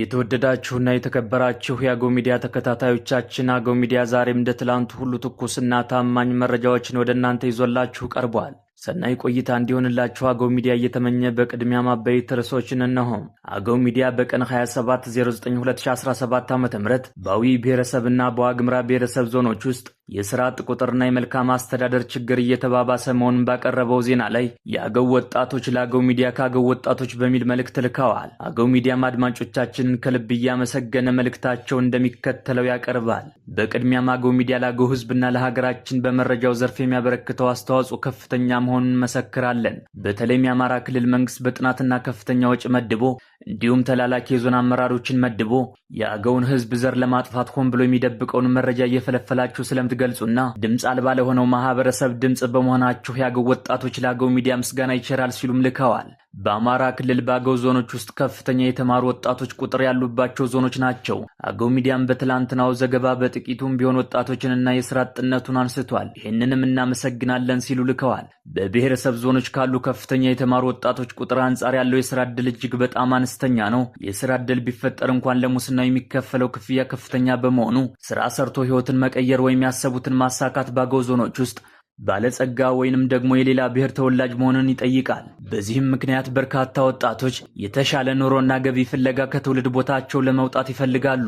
የተወደዳችሁና የተከበራችሁ የአገው ሚዲያ ተከታታዮቻችን አገው ሚዲያ ዛሬም እንደ ትላንቱ ሁሉ ትኩስና ታማኝ መረጃዎችን ወደ እናንተ ይዞላችሁ ቀርቧል። ሰናይ ቆይታ እንዲሆንላችሁ አገው ሚዲያ እየተመኘ በቅድሚያ ማበይት ርዕሶችን እነሆ። አገው ሚዲያ በቀን 2017 ዓ ም በአዊ ብሔረሰብና በዋግምራ ብሔረሰብ ዞኖች ውስጥ የስራ አጥ ቁጥርና የመልካም አስተዳደር ችግር እየተባባሰ መሆኑን ባቀረበው ዜና ላይ የአገው ወጣቶች ለአገው ሚዲያ ከአገው ወጣቶች በሚል መልእክት ልከዋል። አገው ሚዲያም አድማጮቻችንን ከልብ እያመሰገነ መልእክታቸው እንደሚከተለው ያቀርባል። በቅድሚያም አገው ሚዲያ ለአገው ሕዝብና ለሀገራችን በመረጃው ዘርፍ የሚያበረክተው አስተዋጽኦ ከፍተኛ መሆኑን መሰክራለን። በተለይም የአማራ ክልል መንግስት በጥናትና ከፍተኛ ወጪ መድቦ እንዲሁም ተላላኪ የዞን አመራሮችን መድቦ የአገውን ሕዝብ ዘር ለማጥፋት ሆን ብሎ የሚደብቀውን መረጃ እየፈለፈላችሁ ስለም ገልጹና ድምፅ አልባ ለሆነው ማህበረሰብ ድምፅ በመሆናችሁ የአገው ወጣቶች ለአገው ሚዲያ ምስጋና ይቸራል ሲሉም ልከዋል። በአማራ ክልል በአገው ዞኖች ውስጥ ከፍተኛ የተማሩ ወጣቶች ቁጥር ያሉባቸው ዞኖች ናቸው። አገው ሚዲያም በትላንትናው ዘገባ በጥቂቱም ቢሆን ወጣቶችንና የስራ አጥነቱን አንስቷል። ይህንንም እናመሰግናለን ሲሉ ልከዋል። በብሔረሰብ ዞኖች ካሉ ከፍተኛ የተማሩ ወጣቶች ቁጥር አንጻር ያለው የስራ ድል እጅግ በጣም አነስተኛ ነው። የስራ ድል ቢፈጠር እንኳን ለሙስና የሚከፈለው ክፍያ ከፍተኛ በመሆኑ ስራ ሰርቶ ህይወትን መቀየር ወይም ያሰቡትን ማሳካት በአገው ዞኖች ውስጥ ባለጸጋ ወይንም ደግሞ የሌላ ብሔር ተወላጅ መሆንን ይጠይቃል። በዚህም ምክንያት በርካታ ወጣቶች የተሻለ ኑሮና ገቢ ፍለጋ ከትውልድ ቦታቸው ለመውጣት ይፈልጋሉ።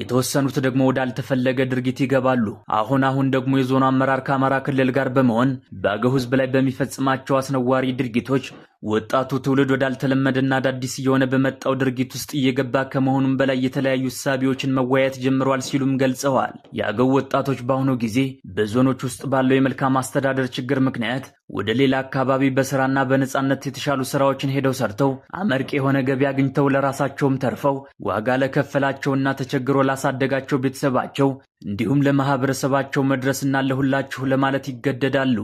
የተወሰኑት ደግሞ ወዳልተፈለገ ድርጊት ይገባሉ። አሁን አሁን ደግሞ የዞኑ አመራር ከአማራ ክልል ጋር በመሆን በአገው ሕዝብ ላይ በሚፈጽማቸው አስነዋሪ ድርጊቶች ወጣቱ ትውልድ ወዳልተለመደና አዳዲስ እየሆነ በመጣው ድርጊት ውስጥ እየገባ ከመሆኑም በላይ የተለያዩ እሳቢዎችን መወያየት ጀምሯል ሲሉም ገልጸዋል። የአገው ወጣቶች በአሁኑ ጊዜ በዞኖች ውስጥ ባለው የመልካም አስተዳደር ችግር ምክንያት ወደ ሌላ አካባቢ በስራና በነፃነት የተሻሉ ስራዎችን ሄደው ሰርተው አመርቂ የሆነ ገቢ አግኝተው ለራሳቸውም ተርፈው ዋጋ ለከፈላቸውና ተቸግሮ ላሳደጋቸው ቤተሰባቸው እንዲሁም ለማህበረሰባቸው መድረስና ለሁላችሁ ለማለት ይገደዳሉ።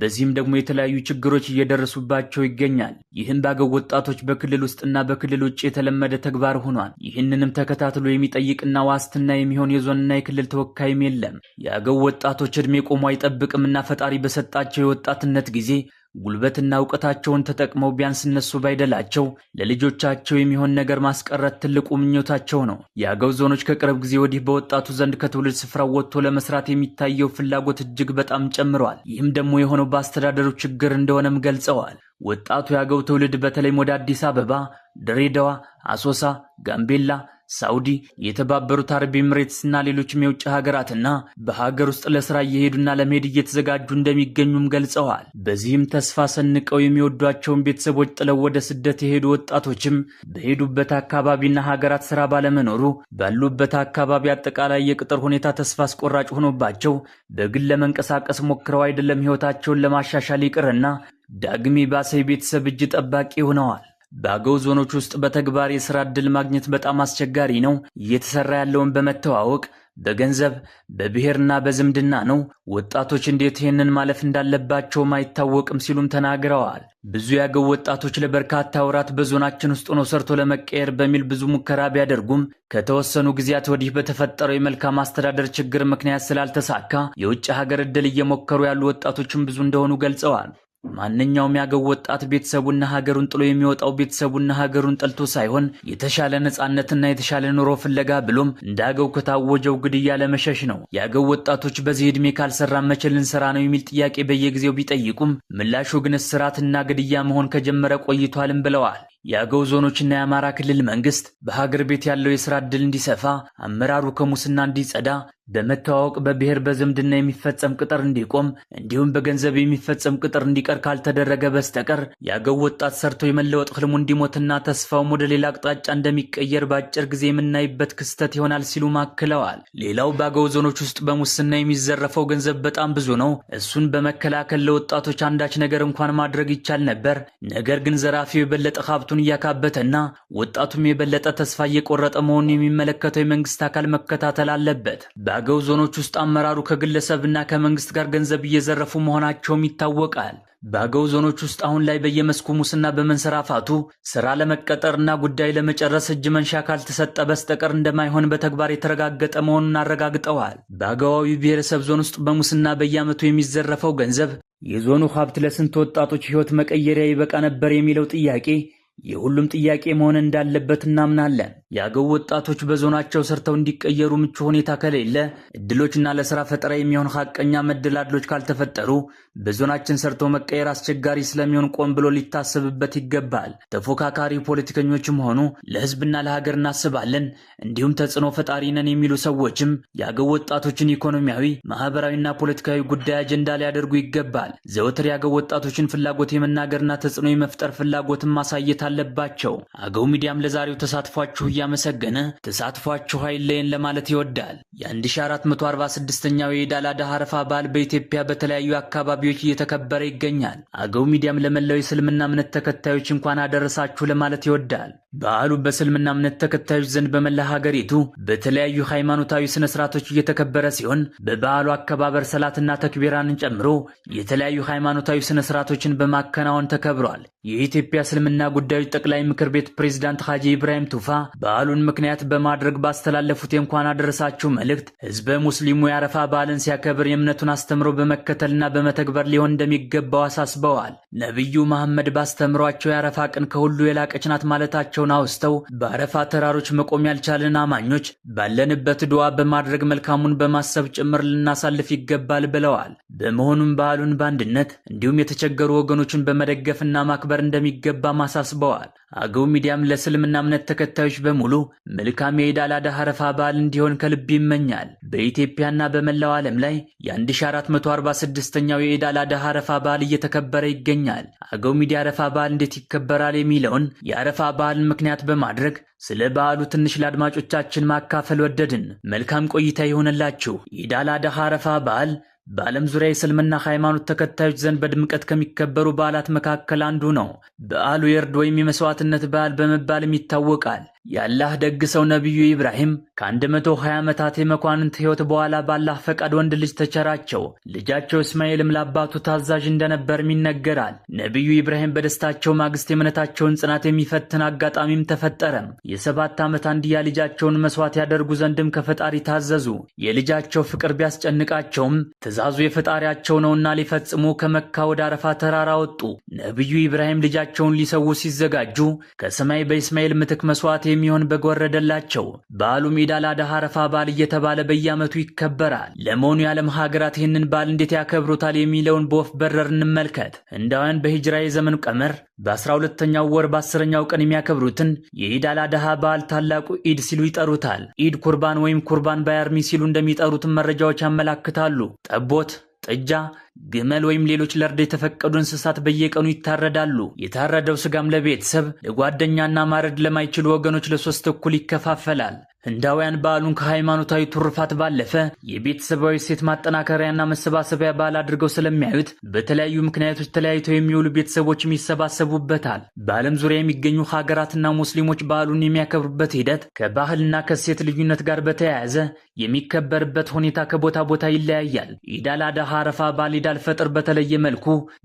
በዚህም ደግሞ የተለያዩ ችግሮች እየደረሱባቸው ይገኛል። ይህም በአገው ወጣቶች በክልል ውስጥና በክልል ውጭ የተለመደ ተግባር ሆኗል። ይህንንም ተከታትሎ የሚጠይቅና ዋስትና የሚሆን የዞንና የክልል ተወካይም የለም። የአገው ወጣቶች እድሜ ቆሞ አይጠብቅምና ፈጣሪ በሰጣቸው የወጣትነት በሚሆንበት ጊዜ ጉልበትና እውቀታቸውን ተጠቅመው ቢያንስ እነሱ ባይደላቸው ለልጆቻቸው የሚሆን ነገር ማስቀረት ትልቁ ምኞታቸው ነው። የአገው ዞኖች ከቅርብ ጊዜ ወዲህ በወጣቱ ዘንድ ከትውልድ ስፍራው ወጥቶ ለመስራት የሚታየው ፍላጎት እጅግ በጣም ጨምረዋል። ይህም ደግሞ የሆነው በአስተዳደሩ ችግር እንደሆነም ገልጸዋል። ወጣቱ የአገው ትውልድ በተለይም ወደ አዲስ አበባ፣ ድሬዳዋ፣ አሶሳ፣ ጋምቤላ ሳውዲ የተባበሩት አረብ ኤምሬትስና ሌሎችም የውጭ ሀገራትና በሀገር ውስጥ ለስራ እየሄዱና ለመሄድ እየተዘጋጁ እንደሚገኙም ገልጸዋል። በዚህም ተስፋ ሰንቀው የሚወዷቸውን ቤተሰቦች ጥለው ወደ ስደት የሄዱ ወጣቶችም በሄዱበት አካባቢና ሀገራት ስራ ባለመኖሩ ባሉበት አካባቢ አጠቃላይ የቅጥር ሁኔታ ተስፋ አስቆራጭ ሆኖባቸው በግል ለመንቀሳቀስ ሞክረው አይደለም ህይወታቸውን ለማሻሻል ይቅርና ዳግም ባሰ የቤተሰብ እጅ ጠባቂ ሆነዋል። በአገው ዞኖች ውስጥ በተግባር የስራ ዕድል ማግኘት በጣም አስቸጋሪ ነው። እየተሰራ ያለውን በመተዋወቅ በገንዘብ በብሔርና በዝምድና ነው። ወጣቶች እንዴት ይህንን ማለፍ እንዳለባቸውም አይታወቅም ሲሉም ተናግረዋል። ብዙ ያገው ወጣቶች ለበርካታ ወራት በዞናችን ውስጥ ነው ሰርቶ ለመቀየር በሚል ብዙ ሙከራ ቢያደርጉም ከተወሰኑ ጊዜያት ወዲህ በተፈጠረው የመልካም አስተዳደር ችግር ምክንያት ስላልተሳካ የውጭ ሀገር ዕድል እየሞከሩ ያሉ ወጣቶችም ብዙ እንደሆኑ ገልጸዋል። ማንኛውም ያገው ወጣት ቤተሰቡና ሀገሩን ጥሎ የሚወጣው ቤተሰቡና ሀገሩን ጠልቶ ሳይሆን የተሻለ ነጻነትና የተሻለ ኑሮ ፍለጋ ብሎም እንደ አገው ከታወጀው ግድያ ለመሸሽ ነው። ያገው ወጣቶች በዚህ ዕድሜ ካልሰራ መቼ ልንሰራ ነው የሚል ጥያቄ በየጊዜው ቢጠይቁም ምላሹ ግን እስራትና ግድያ መሆን ከጀመረ ቆይቷልም ብለዋል። የአገው ዞኖችና የአማራ ክልል መንግስት በሀገር ቤት ያለው የስራ ዕድል እንዲሰፋ፣ አመራሩ ከሙስና እንዲጸዳ፣ በመተዋወቅ በብሔር በዝምድና የሚፈጸም ቅጥር እንዲቆም እንዲሁም በገንዘብ የሚፈጸም ቅጥር እንዲቀር ካልተደረገ በስተቀር የአገው ወጣት ሰርቶ የመለወጥ ህልሙ እንዲሞትና ተስፋውም ወደ ሌላ አቅጣጫ እንደሚቀየር በአጭር ጊዜ የምናይበት ክስተት ይሆናል ሲሉ ማክለዋል። ሌላው በአገው ዞኖች ውስጥ በሙስና የሚዘረፈው ገንዘብ በጣም ብዙ ነው። እሱን በመከላከል ለወጣቶች አንዳች ነገር እንኳን ማድረግ ይቻል ነበር። ነገር ግን ዘራፊው የበለጠ ሀብቱን ብርታቱን እያካበተና ወጣቱም የበለጠ ተስፋ እየቆረጠ መሆኑን የሚመለከተው የመንግስት አካል መከታተል አለበት። በአገው ዞኖች ውስጥ አመራሩ ከግለሰብና ከመንግስት ጋር ገንዘብ እየዘረፉ መሆናቸውም ይታወቃል። በአገው ዞኖች ውስጥ አሁን ላይ በየመስኩ ሙስና በመንሰራፋቱ ስራ ለመቀጠርና ጉዳይ ለመጨረስ እጅ መንሻ ካልተሰጠ በስተቀር እንደማይሆን በተግባር የተረጋገጠ መሆኑን አረጋግጠዋል። በአገዋዊ ብሔረሰብ ዞን ውስጥ በሙስና በየዓመቱ የሚዘረፈው ገንዘብ የዞኑ ሀብት ለስንት ወጣቶች ሕይወት መቀየሪያ ይበቃ ነበር የሚለው ጥያቄ የሁሉም ጥያቄ መሆን እንዳለበት እናምናለን። የአገው ወጣቶች በዞናቸው ሰርተው እንዲቀየሩ ምቹ ሁኔታ ከሌለ፣ እድሎችና ለስራ ፈጠራ የሚሆን ሀቀኛ መደላድሎች ካልተፈጠሩ በዞናችን ሰርቶ መቀየር አስቸጋሪ ስለሚሆን ቆም ብሎ ሊታሰብበት ይገባል። ተፎካካሪ ፖለቲከኞችም ሆኑ ለህዝብና ለሀገር እናስባለን እንዲሁም ተጽዕኖ ፈጣሪ ነን የሚሉ ሰዎችም የአገው ወጣቶችን ኢኮኖሚያዊ፣ ማህበራዊና ፖለቲካዊ ጉዳይ አጀንዳ ሊያደርጉ ይገባል። ዘወትር የአገው ወጣቶችን ፍላጎት የመናገርና ተጽዕኖ የመፍጠር ፍላጎትን ማሳየት አለባቸው። አገው ሚዲያም ለዛሬው ተሳትፏችሁ እያመሰገነ ተሳትፏችሁ አይለየን ለማለት ይወዳል። የ1446ኛው የኢድ አል አድሃ አረፋ በዓል በኢትዮጵያ በተለያዩ አካባቢዎች እየተከበረ ይገኛል። አገው ሚዲያም ለመላው የእስልምና እምነት ተከታዮች እንኳን አደረሳችሁ ለማለት ይወዳል። በዓሉ በእስልምና እምነት ተከታዮች ዘንድ በመላ ሀገሪቱ በተለያዩ ሃይማኖታዊ ስነ ስርዓቶች እየተከበረ ሲሆን በበዓሉ አከባበር ሰላትና ተክቢራንን ጨምሮ የተለያዩ ሃይማኖታዊ ስነ ስርዓቶችን በማከናወን ተከብሯል። የኢትዮጵያ እስልምና ጉዳዮች ጊዜያዊ ጠቅላይ ምክር ቤት ፕሬዝዳንት ሐጂ ኢብራሂም ቱፋ በዓሉን ምክንያት በማድረግ ባስተላለፉት የእንኳን አደረሳችሁ መልእክት ህዝበ ሙስሊሙ የአረፋ በዓልን ሲያከብር የእምነቱን አስተምሮ በመከተልና በመተግበር ሊሆን እንደሚገባው አሳስበዋል። ነቢዩ መሐመድ ባስተምሯቸው የአረፋ ቀን ከሁሉ የላቀች ናት ማለታቸውን አውስተው በአረፋ ተራሮች መቆም ያልቻልን አማኞች ባለንበት ድዋ በማድረግ መልካሙን በማሰብ ጭምር ልናሳልፍ ይገባል ብለዋል። በመሆኑም በዓሉን በአንድነት እንዲሁም የተቸገሩ ወገኖችን በመደገፍና ማክበር እንደሚገባ ማሳስበዋል። አቅርበዋል። አገው ሚዲያም ለእስልምና እምነት ተከታዮች በሙሉ መልካም የኢድ አል አድሃ አረፋ በዓል እንዲሆን ከልብ ይመኛል። በኢትዮጵያና በመላው ዓለም ላይ የ1446ኛው የኢድ አል አድሃ አረፋ በዓል እየተከበረ ይገኛል። አገው ሚዲያ አረፋ በዓል እንዴት ይከበራል የሚለውን የአረፋ በዓልን ምክንያት በማድረግ ስለ በዓሉ ትንሽ ለአድማጮቻችን ማካፈል ወደድን። መልካም ቆይታ ይሆንላችሁ። ኢድ አል አድሃ አረፋ በዓል በዓለም ዙሪያ የእስልምና ሃይማኖት ተከታዮች ዘንድ በድምቀት ከሚከበሩ በዓላት መካከል አንዱ ነው። በዓሉ የእርድ ወይም የመሥዋዕትነት በዓል በመባልም ይታወቃል። የአላህ ደግ ሰው ነቢዩ ኢብራሂም ከ120 ዓመታት የመኳንንት ሕይወት በኋላ ባላህ ፈቃድ ወንድ ልጅ ተቸራቸው። ልጃቸው እስማኤልም ለአባቱ ታዛዥ እንደነበርም ይነገራል። ነቢዩ ኢብራሂም በደስታቸው ማግስት የእምነታቸውን ጽናት የሚፈትን አጋጣሚም ተፈጠረም። የሰባት ዓመት አንድያ ልጃቸውን መሥዋዕት ያደርጉ ዘንድም ከፈጣሪ ታዘዙ። የልጃቸው ፍቅር ቢያስጨንቃቸውም ትእዛዙ የፈጣሪያቸው ነውና ሊፈጽሙ ከመካ ወደ አረፋ ተራራ ወጡ። ነቢዩ ኢብራሂም ልጃቸውን ሊሰዉ ሲዘጋጁ ከሰማይ በእስማኤል ምትክ መሥዋዕት የሚሆን በግ ወረደላቸው። በዓሉ ሜዳ ለአድሃ አረፋ በዓል እየተባለ በየዓመቱ ይከበራል። ለመሆኑ የዓለም ሀገራት ይህንን በዓል እንዴት ያከብሩታል የሚለውን በወፍ በረር እንመልከት። ህንዳውያን በሂጅራ የዘመን ቀመር በ12ተኛው ወር በ10ኛው ቀን የሚያከብሩትን የኢድ አላድሃ በዓል ታላቁ ኢድ ሲሉ ይጠሩታል። ኢድ ኩርባን ወይም ኩርባን ባያርሚ ሲሉ እንደሚጠሩትን መረጃዎች ያመላክታሉ። ጠቦት ጥጃ፣ ግመል ወይም ሌሎች ለእርድ የተፈቀዱ እንስሳት በየቀኑ ይታረዳሉ። የታረደው ስጋም ለቤተሰብ ለጓደኛና ማረድ ለማይችሉ ወገኖች ለሶስት እኩል ይከፋፈላል። ህንዳውያን በዓሉን ከሃይማኖታዊ ትሩፋት ባለፈ የቤተሰባዊ ሴት ማጠናከሪያና መሰባሰቢያ በዓል አድርገው ስለሚያዩት በተለያዩ ምክንያቶች ተለያይተው የሚውሉ ቤተሰቦችም ይሰባሰቡበታል። በዓለም ዙሪያ የሚገኙ ሀገራትና ሙስሊሞች በዓሉን የሚያከብሩበት ሂደት ከባህልና ከሴት ልዩነት ጋር በተያያዘ የሚከበርበት ሁኔታ ከቦታ ቦታ ይለያያል። ኢዳል አድሃ፣ አረፋ በዓል ኢዳል ፈጥር በተለየ መልኩ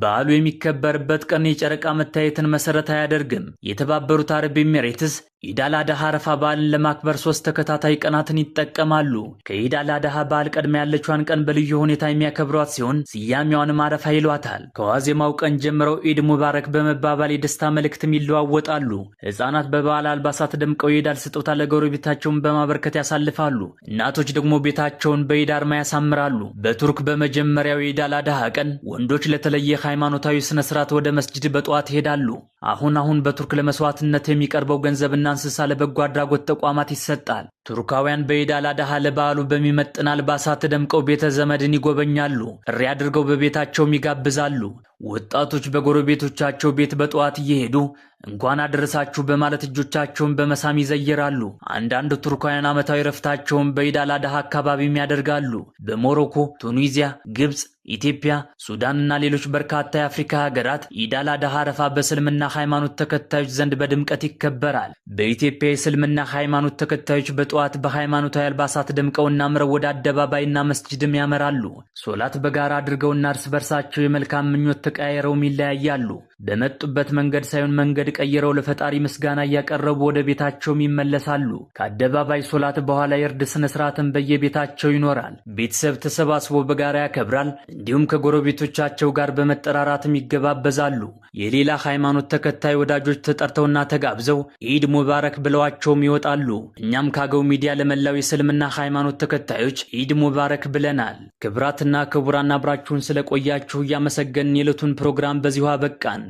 በዓሉ የሚከበርበት ቀን የጨረቃ መታየትን መሰረት አያደርግም። የተባበሩት አረብ ኤሚሬትስ ኢዳል አድሃ አረፋ በዓልን ለማክበር ሶስት ተከታታይ ቀናትን ይጠቀማሉ። ከኢዳል አድሃ በዓል ቀድማ ያለችዋን ቀን በልዩ ሁኔታ የሚያከብሯት ሲሆን ስያሜዋንም አረፋ ይሏታል። ከዋዜማው ቀን ጀምረው ኢድ ሙባረክ በመባባል የደስታ መልእክትም ይለዋወጣሉ። ሕፃናት በበዓል አልባሳት ደምቀው የኢዳል ስጦታ ለጎረቤታቸውን በማበርከት ያሳልፋሉ። እናቶች ደግሞ ቤታቸውን በኢድ አርማ ያሳምራሉ። በቱርክ በመጀመሪያው የኢዳል አድሃ ቀን ወንዶች ለተለየ ሃይማኖታዊ ስነስርዓት ወደ መስጅድ በጠዋት ይሄዳሉ። አሁን አሁን በቱርክ ለመስዋዕትነት የሚቀርበው ገንዘብና እንስሳ ለበጎ አድራጎት ተቋማት ይሰጣል። ቱርካውያን በኢድ አል አድሃ ለበዓሉ በሚመጥን አልባሳት ደምቀው ቤተ ዘመድን ይጎበኛሉ። እሪ አድርገው በቤታቸውም ይጋብዛሉ። ወጣቶች በጎረቤቶቻቸው ቤት በጠዋት እየሄዱ እንኳን አደረሳችሁ በማለት እጆቻቸውን በመሳም ይዘይራሉ። አንዳንድ ቱርካውያን ዓመታዊ ረፍታቸውን በኢድ አል አድሃ አካባቢም ያደርጋሉ። በሞሮኮ፣ ቱኒዚያ፣ ግብፅ፣ ኢትዮጵያ፣ ሱዳንና ሌሎች በርካታ የአፍሪካ ሀገራት ኢድ አል አድሃ አረፋ በእስልምና ሃይማኖት ተከታዮች ዘንድ በድምቀት ይከበራል። በኢትዮጵያ የእስልምና ሃይማኖት ተከታዮች በጠ ጠዋት በሃይማኖታዊ አልባሳት ደምቀውና አምረው ወደ አደባባይና መስጅድም ያመራሉ። ሶላት በጋራ አድርገውና እርስ በርሳቸው የመልካም ምኞት ተቀያየረውም ይለያያሉ። በመጡበት መንገድ ሳይሆን መንገድ ቀይረው ለፈጣሪ ምስጋና እያቀረቡ ወደ ቤታቸውም ይመለሳሉ። ከአደባባይ ሶላት በኋላ የእርድ ስነ ስርዓትን በየቤታቸው ይኖራል። ቤተሰብ ተሰባስቦ በጋራ ያከብራል። እንዲሁም ከጎረቤቶቻቸው ጋር በመጠራራትም ይገባበዛሉ። የሌላ ሃይማኖት ተከታይ ወዳጆች ተጠርተውና ተጋብዘው ኢድ ሙባረክ ብለዋቸውም ይወጣሉ። እኛም ካገው ሚዲያ ለመላው የእስልምና ሃይማኖት ተከታዮች ኢድ ሙባረክ ብለናል። ክብራትና ክቡራን አብራችሁን ስለቆያችሁ እያመሰገንን የዕለቱን ፕሮግራም በዚሁ አበቃን።